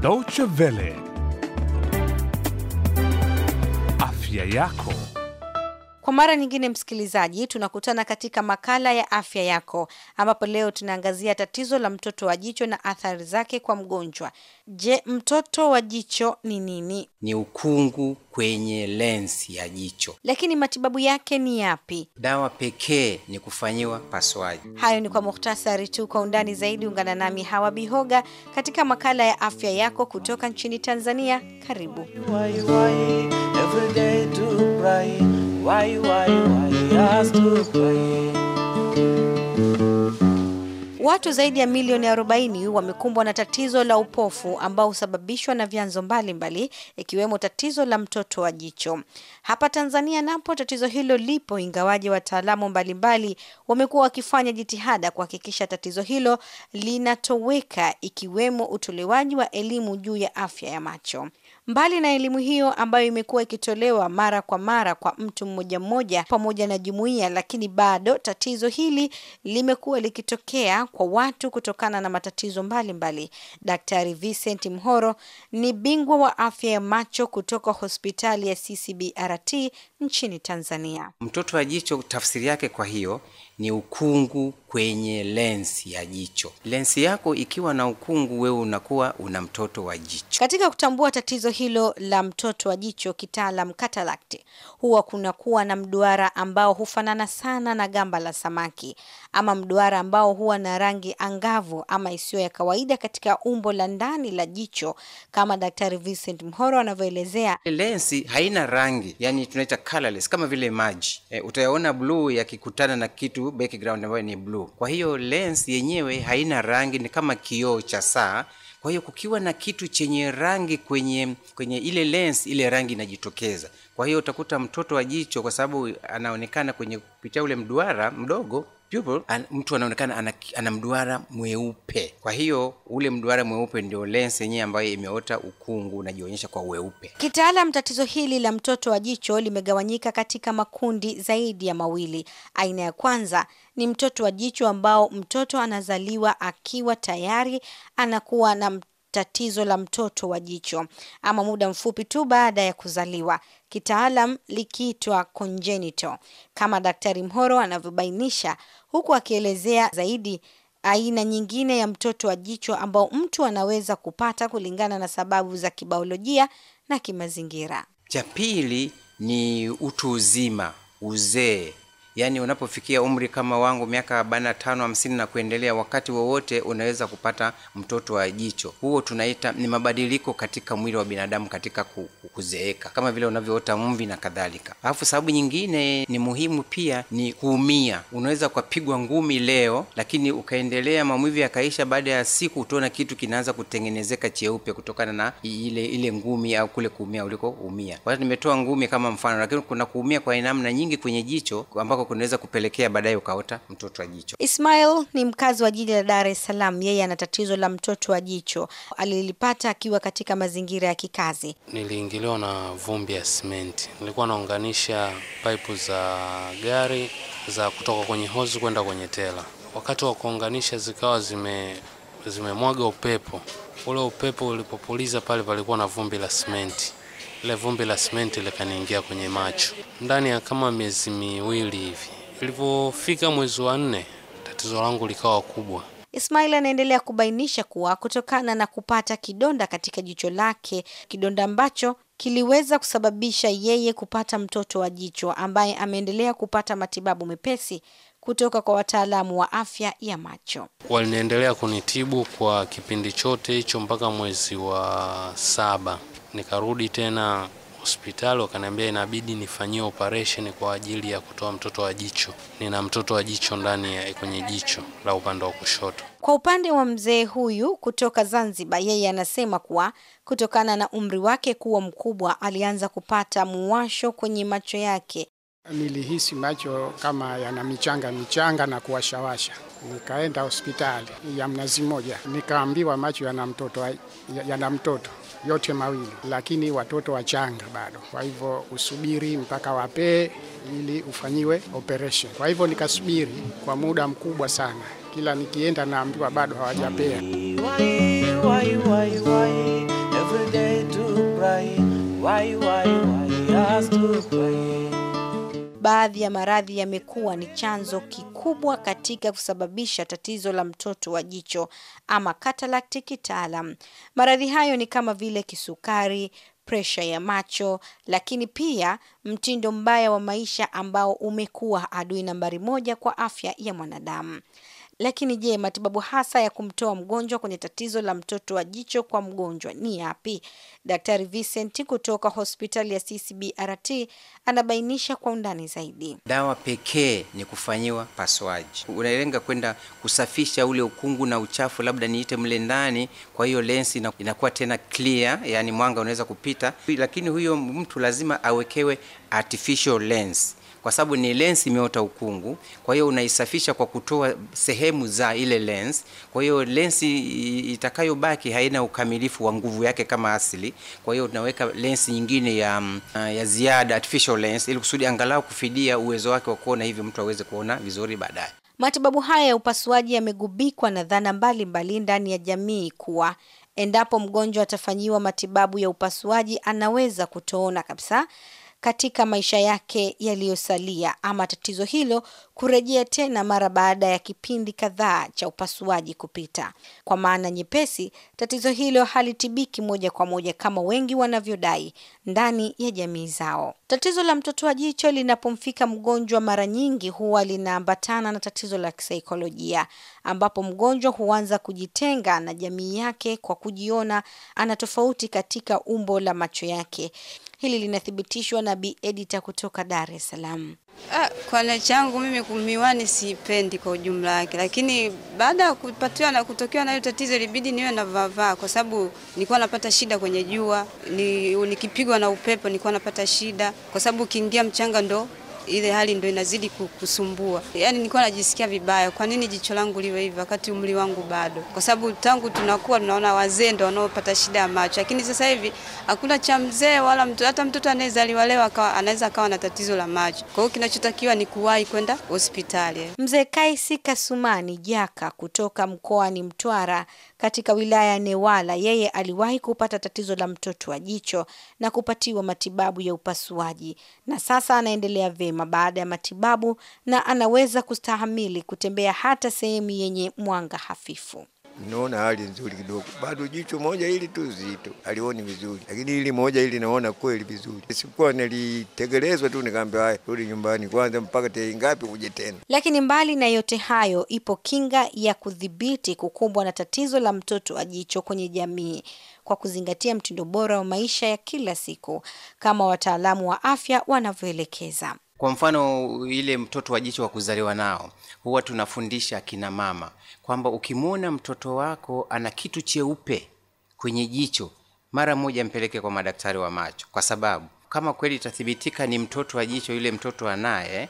Deutsche Welle. Afya yako. Kwa mara nyingine, msikilizaji, tunakutana katika makala ya afya yako, ambapo leo tunaangazia tatizo la mtoto wa jicho na athari zake kwa mgonjwa. Je, mtoto wa jicho ni nini? Ni ukungu kwenye lensi ya jicho. Lakini matibabu yake ni yapi? Dawa pekee ni kufanyiwa paswaji. Hayo ni kwa muhtasari tu. Kwa undani zaidi, ungana nami Hawa Bihoga katika makala ya afya yako kutoka nchini Tanzania. Karibu wai, wai. Watu zaidi ya milioni 40 wamekumbwa na tatizo la upofu ambao husababishwa na vyanzo mbalimbali ikiwemo tatizo la mtoto wa jicho. Hapa Tanzania napo tatizo hilo lipo, ingawaje wataalamu mbalimbali wamekuwa wakifanya jitihada kuhakikisha tatizo hilo linatoweka, ikiwemo utolewaji wa elimu juu ya afya ya macho. Mbali na elimu hiyo ambayo imekuwa ikitolewa mara kwa mara kwa mtu mmoja mmoja pamoja na jumuiya, lakini bado tatizo hili limekuwa likitokea kwa watu kutokana na matatizo mbalimbali mbali. Daktari Vincent Mhoro ni bingwa wa afya ya macho kutoka hospitali ya CCBRT nchini Tanzania. Mtoto wa jicho tafsiri yake kwa hiyo ni ukungu kwenye lensi ya jicho. Lensi yako ikiwa na ukungu, wewe unakuwa una mtoto wa jicho. Katika kutambua tatizo hilo la mtoto wa jicho, kitaalam katalakti, huwa kunakuwa na mduara ambao hufanana sana na gamba la samaki ama mduara ambao huwa na rangi angavu ama isiyo ya kawaida katika umbo la ndani la jicho, kama Daktari Vincent Mhoro anavyoelezea. Lensi haina rangi, yani tunaita colorless, kama vile maji e, utayaona bluu yakikutana na kitu background ambayo ni bluu. Kwa hiyo lens yenyewe haina rangi, ni kama kioo cha saa. Kwa hiyo kukiwa na kitu chenye rangi kwenye, kwenye ile lens, ile rangi inajitokeza. Kwa hiyo utakuta mtoto wa jicho, kwa sababu anaonekana kwenye kupitia ule mduara mdogo pupil an, mtu anaonekana ana, ana mduara mweupe. Kwa hiyo ule mduara mweupe ndio lens yenyewe ambayo imeota ukungu unajionyesha kwa weupe. Kitaalam, tatizo hili la mtoto wa jicho limegawanyika katika makundi zaidi ya mawili. Aina ya kwanza ni mtoto wa jicho ambao mtoto anazaliwa akiwa tayari anakuwa na tatizo la mtoto wa jicho ama muda mfupi tu baada ya kuzaliwa, kitaalam likiitwa congenital, kama Daktari Mhoro anavyobainisha, huku akielezea zaidi aina nyingine ya mtoto wa jicho ambao mtu anaweza kupata kulingana na sababu za kibaolojia na kimazingira. Cha pili ni utu uzima, uzee yaani unapofikia umri kama wangu miaka arobaini na tano hamsini na kuendelea, wakati wowote unaweza kupata mtoto wa jicho. Huo tunaita ni mabadiliko katika mwili wa binadamu katika kuzeeka, kama vile unavyoota mvi na kadhalika. Alafu sababu nyingine ni muhimu pia ni kuumia. Unaweza ukapigwa ngumi leo, lakini ukaendelea, maumivu yakaisha, baada ya siku utaona kitu kinaanza kutengenezeka cheupe kutokana na ile ile ngumi au kule kuumia ulikoumia. nimetoa ngumi kama mfano, lakini kuna kuumia kwa namna nyingi kwenye jicho ambako kunaweza kupelekea baadaye ukaota mtoto wa jicho. Ismail ni mkazi wa jiji la Dar es Salaam. Yeye ana tatizo la mtoto wa jicho, alilipata akiwa katika mazingira ya kikazi. Niliingiliwa na vumbi ya simenti, nilikuwa naunganisha paipu za gari za kutoka kwenye hozi kwenda kwenye tela. Wakati wa kuunganisha zikawa zime zimemwaga upepo, ule upepo ulipopuliza pale palikuwa na vumbi la simenti ile vumbi la simenti likaniingia kwenye macho ndani ya kama miezi miwili hivi. Ilivyofika mwezi wa nne, tatizo langu likawa kubwa. Ismail anaendelea kubainisha kuwa kutokana na kupata kidonda katika jicho lake, kidonda ambacho kiliweza kusababisha yeye kupata mtoto wa jicho ambaye ameendelea kupata matibabu mepesi kutoka kwa wataalamu wa afya ya macho. Waliniendelea kunitibu kwa kipindi chote hicho mpaka mwezi wa saba. Nikarudi tena hospitali, wakaniambia inabidi nifanyie operation kwa ajili ya kutoa mtoto wa jicho. Nina mtoto wa jicho ndani ya kwenye jicho la upande wa kushoto. Kwa upande wa mzee huyu kutoka Zanzibar, yeye anasema kuwa kutokana na umri wake kuwa mkubwa, alianza kupata muwasho kwenye macho yake. Nilihisi macho kama yana michanga michanga na kuwashawasha, nikaenda hospitali ya Mnazi Mmoja, nikaambiwa macho yana mtoto, yana mtoto yote mawili, lakini watoto wachanga bado, kwa hivyo usubiri mpaka wapee ili ufanyiwe operation. Kwa hivyo nikasubiri kwa muda mkubwa sana, kila nikienda naambiwa bado hawajapea. Why, why, why, why, baadhi ya maradhi yamekuwa ni chanzo kikubwa katika kusababisha tatizo la mtoto wa jicho ama cataract kitaalam. Maradhi hayo ni kama vile kisukari, presha ya macho, lakini pia mtindo mbaya wa maisha ambao umekuwa adui nambari moja kwa afya ya mwanadamu. Lakini je, matibabu hasa ya kumtoa mgonjwa kwenye tatizo la mtoto wa jicho kwa mgonjwa ni yapi? Daktari Vincent kutoka hospitali ya CCBRT anabainisha kwa undani zaidi. Dawa pekee ni kufanyiwa paswaji, unalenga kwenda kusafisha ule ukungu na uchafu, labda niite mle ndani. Kwa hiyo lensi inakuwa tena clear, yani mwanga unaweza kupita, lakini huyo mtu lazima awekewe artificial lens kwa sababu ni lens imeota ukungu. Kwa hiyo unaisafisha kwa kutoa sehemu za ile lens. Kwa hiyo lens itakayobaki haina ukamilifu wa nguvu yake kama asili. Kwa hiyo unaweka lens nyingine ya, mm, uh, ya ziada, artificial lens, ili kusudi angalau kufidia uwezo wake wa kuona, hivyo mtu aweze kuona vizuri baadaye. Matibabu haya ya upasuaji yamegubikwa na dhana mbalimbali ndani ya jamii kuwa endapo mgonjwa atafanyiwa matibabu ya upasuaji anaweza kutoona kabisa, katika maisha yake yaliyosalia ama tatizo hilo kurejea tena mara baada ya kipindi kadhaa cha upasuaji kupita. Kwa maana nyepesi, tatizo hilo halitibiki moja kwa moja kama wengi wanavyodai, ndani ya jamii zao. Tatizo la mtoto wa jicho linapomfika mgonjwa, mara nyingi huwa linaambatana na tatizo la kisaikolojia, ambapo mgonjwa huanza kujitenga na jamii yake kwa kujiona ana tofauti katika umbo la macho yake. Hili linathibitishwa na Bi Edita kutoka Dar es Salaam. Ah, kwa na changu mimi kumiwani siipendi kwa ujumla wake, lakini baada ya kupatiwa na kutokewa na tatizo ilibidi niwe navavaa, kwa sababu nilikuwa napata shida kwenye jua ni, nikipigwa na upepo nilikuwa napata shida, kwa sababu ukiingia mchanga ndo ile hali ndio inazidi kusumbua. Yani nilikuwa najisikia vibaya, kwa nini jicho langu liwe hivi wakati umri wangu bado? Kwa sababu tangu tunakuwa tunaona wazee ndio wanaopata shida ya macho, lakini sasa hivi hakuna cha mzee wala mtoto. Hata mtoto anayezaliwa leo anaweza akawa na tatizo la macho. Kwa hiyo kinachotakiwa ni kuwahi kwenda hospitali. Mzee Kaisi Kasumani Jaka kutoka mkoani Mtwara katika wilaya ya Newala, yeye aliwahi kupata tatizo la mtoto wa jicho na kupatiwa matibabu ya upasuaji na sasa anaendelea vema mapema baada ya matibabu na anaweza kustahamili kutembea hata sehemu yenye mwanga hafifu. Naona hali nzuri kidogo, bado jicho moja hili tu zito, alioni vizuri, lakini hili moja hili naona kweli vizuri. Sikuwa nilitegelezwa tu, nikaambia haya, rudi nyumbani kwanza mpaka tarehe ngapi uje tena. Lakini mbali na yote hayo, ipo kinga ya kudhibiti kukumbwa na tatizo la mtoto wa jicho kwenye jamii kwa kuzingatia mtindo bora wa maisha ya kila siku kama wataalamu wa afya wanavyoelekeza. Kwa mfano ile mtoto wa jicho wa kuzaliwa nao, huwa tunafundisha kina mama kwamba ukimwona mtoto wako ana kitu cheupe kwenye jicho, mara moja mpeleke kwa madaktari wa macho, kwa sababu kama kweli itathibitika ni mtoto wa jicho yule mtoto anaye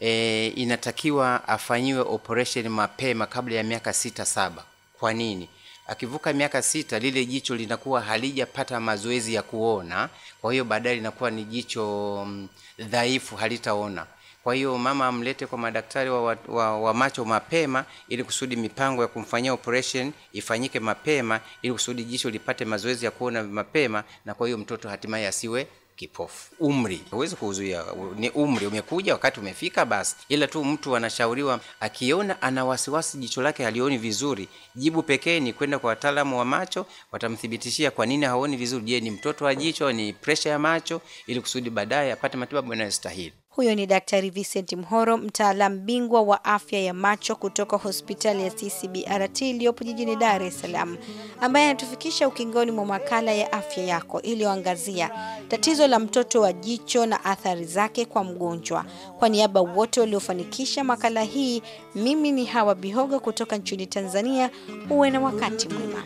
e, inatakiwa afanyiwe operation mapema kabla ya miaka sita saba. Kwa nini? Akivuka miaka sita, lile jicho linakuwa halijapata mazoezi ya kuona, kwa hiyo baadaye linakuwa ni jicho mm, dhaifu, halitaona. Kwa hiyo mama amlete kwa madaktari wa, wa, wa, macho mapema ili kusudi mipango ya kumfanyia operation ifanyike mapema ili kusudi jicho lipate mazoezi ya kuona mapema, na kwa hiyo mtoto hatimaye asiwe kipofu. Umri huwezi kuzuia, ni umri umekuja, wakati umefika basi. Ila tu mtu anashauriwa akiona ana wasiwasi, jicho lake halioni vizuri, jibu pekee ni kwenda kwa wataalamu wa macho, watamthibitishia kwa nini haoni vizuri. Je, ni mtoto wa jicho, ni presha ya macho, ili kusudi baadaye apate matibabu yanayostahili. Huyo ni Daktari Vincent Mhoro, mtaalamu bingwa wa afya ya macho kutoka hospitali ya CCBRT iliyopo jijini Dar es Salaam, ambaye anatufikisha ukingoni mwa makala ya afya yako iliyoangazia tatizo la mtoto wa jicho na athari zake kwa mgonjwa. Kwa niaba wote waliofanikisha makala hii, mimi ni Hawa Bihoga kutoka nchini Tanzania. Uwe na wakati mwema.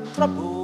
trouble.